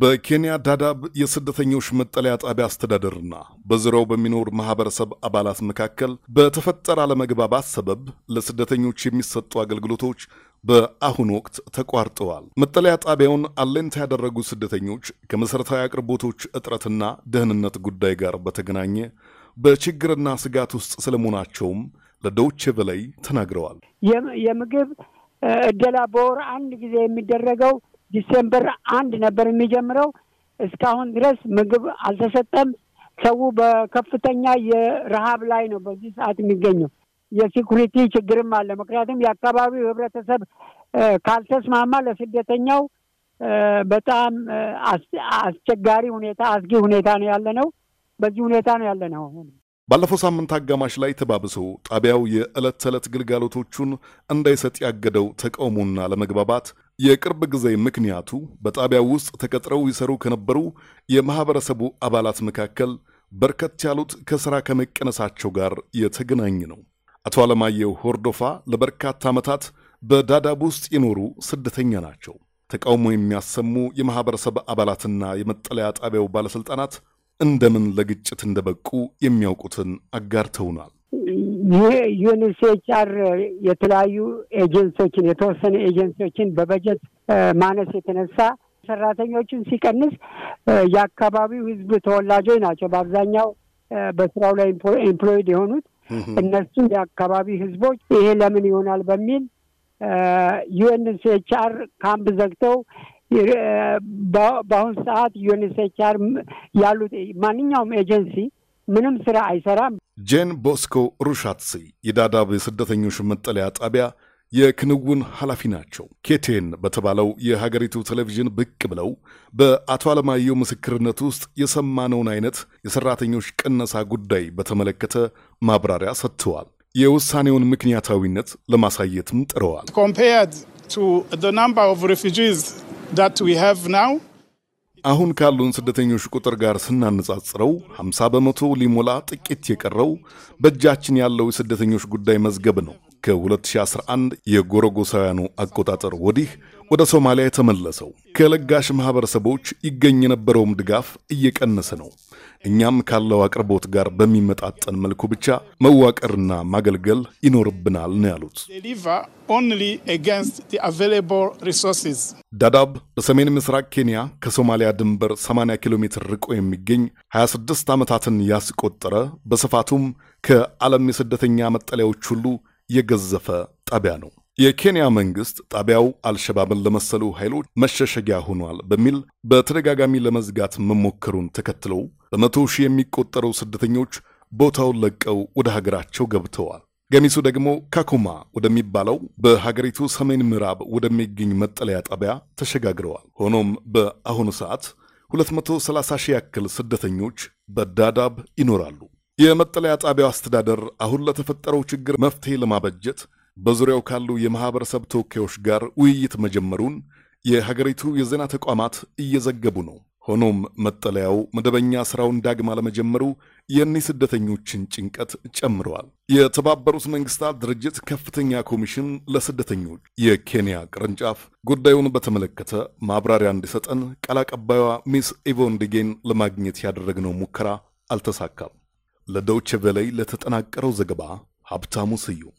በኬንያ ዳዳብ የስደተኞች መጠለያ ጣቢያ አስተዳደርና በዙሪያው በሚኖር ማህበረሰብ አባላት መካከል በተፈጠረ አለመግባባት ሰበብ ለስደተኞች የሚሰጡ አገልግሎቶች በአሁኑ ወቅት ተቋርጠዋል። መጠለያ ጣቢያውን አለንታ ያደረጉ ስደተኞች ከመሠረታዊ አቅርቦቶች እጥረትና ደህንነት ጉዳይ ጋር በተገናኘ በችግርና ስጋት ውስጥ ስለመሆናቸውም ለዶቼ ቬለ ተናግረዋል። የምግብ እደላ በወር አንድ ጊዜ የሚደረገው ዲሴምበር አንድ ነበር የሚጀምረው። እስካሁን ድረስ ምግብ አልተሰጠም። ሰው በከፍተኛ የረሃብ ላይ ነው በዚህ ሰዓት የሚገኘው። የሴኩሪቲ ችግርም አለ። ምክንያቱም የአካባቢው ህብረተሰብ ካልተስማማ ለስደተኛው በጣም አስቸጋሪ ሁኔታ፣ አስጊ ሁኔታ ነው ያለ ነው። በዚህ ሁኔታ ነው ያለ ነው። ባለፈው ሳምንት አጋማሽ ላይ ተባብሰው ጣቢያው የዕለት ተዕለት ግልጋሎቶቹን እንዳይሰጥ ያገደው ተቃውሞና ለመግባባት የቅርብ ጊዜ ምክንያቱ በጣቢያው ውስጥ ተቀጥረው ይሰሩ ከነበሩ የማኅበረሰቡ አባላት መካከል በርከት ያሉት ከሥራ ከመቀነሳቸው ጋር የተገናኘ ነው። አቶ አለማየሁ ሆርዶፋ ለበርካታ ዓመታት በዳዳብ ውስጥ የኖሩ ስደተኛ ናቸው። ተቃውሞ የሚያሰሙ የማኅበረሰብ አባላትና የመጠለያ ጣቢያው ባለሥልጣናት እንደምን ለግጭት እንደበቁ የሚያውቁትን አጋርተውናል። ይሄ ዩኤንኤችሲአር የተለያዩ ኤጀንሲዎችን የተወሰነ ኤጀንሲዎችን በበጀት ማነስ የተነሳ ሰራተኞችን ሲቀንስ የአካባቢው ህዝብ ተወላጆች ናቸው በአብዛኛው በስራው ላይ ኤምፕሎይድ የሆኑት እነሱ የአካባቢ ህዝቦች ይሄ ለምን ይሆናል በሚል ዩኤንኤችሲአር ካምፕ ዘግተው በአሁን ሰዓት ዩኤንኤችሲአር ያሉት ማንኛውም ኤጀንሲ ምንም ስራ አይሰራም። ጄን ቦስኮ ሩሻትሲ የዳዳብ የስደተኞች መጠለያ ጣቢያ የክንውን ኃላፊ ናቸው። ኬቴን በተባለው የሀገሪቱ ቴሌቪዥን ብቅ ብለው በአቶ አለማየሁ ምስክርነት ውስጥ የሰማነውን አይነት የሰራተኞች ቅነሳ ጉዳይ በተመለከተ ማብራሪያ ሰጥተዋል። የውሳኔውን ምክንያታዊነት ለማሳየትም ጥረዋል። አሁን ካሉን ስደተኞች ቁጥር ጋር ስናነጻጽረው 50 በመቶ ሊሞላ ጥቂት የቀረው በእጃችን ያለው የስደተኞች ጉዳይ መዝገብ ነው። ከ2011 የጎረጎሳውያኑ አቆጣጠር ወዲህ ወደ ሶማሊያ የተመለሰው ከለጋሽ ማኅበረሰቦች ይገኝ የነበረውም ድጋፍ እየቀነሰ ነው። እኛም ካለው አቅርቦት ጋር በሚመጣጠን መልኩ ብቻ መዋቀርና ማገልገል ይኖርብናል ነው ያሉት። ዳዳብ በሰሜን ምስራቅ ኬንያ ከሶማሊያ ድንበር 80 ኪሎ ሜትር ርቆ የሚገኝ 26 ዓመታትን ያስቆጠረ በስፋቱም ከዓለም የስደተኛ መጠለያዎች ሁሉ የገዘፈ ጣቢያ ነው። የኬንያ መንግስት ጣቢያው አልሸባብን ለመሰሉ ኃይሎች መሸሸጊያ ሆኗል በሚል በተደጋጋሚ ለመዝጋት መሞከሩን ተከትለው በመቶ ሺህ የሚቆጠሩ ስደተኞች ቦታውን ለቀው ወደ ሀገራቸው ገብተዋል። ገሚሱ ደግሞ ካኩማ ወደሚባለው በሀገሪቱ ሰሜን ምዕራብ ወደሚገኝ መጠለያ ጣቢያ ተሸጋግረዋል። ሆኖም በአሁኑ ሰዓት 230 ሺህ ያክል ስደተኞች በዳዳብ ይኖራሉ። የመጠለያ ጣቢያው አስተዳደር አሁን ለተፈጠረው ችግር መፍትሄ ለማበጀት በዙሪያው ካሉ የማህበረሰብ ተወካዮች ጋር ውይይት መጀመሩን የሀገሪቱ የዜና ተቋማት እየዘገቡ ነው። ሆኖም መጠለያው መደበኛ ስራውን ዳግማ ለመጀመሩ የእኒህ ስደተኞችን ጭንቀት ጨምረዋል። የተባበሩት መንግስታት ድርጅት ከፍተኛ ኮሚሽን ለስደተኞች የኬንያ ቅርንጫፍ ጉዳዩን በተመለከተ ማብራሪያ እንዲሰጠን ቃል ሚስ ኢቮን ዲጌን ለማግኘት ያደረግነው ሙከራ አልተሳካም። ለዶይቼ ቬለ ለተጠናቀረው ዘገባ ሀብታሙ ስዩም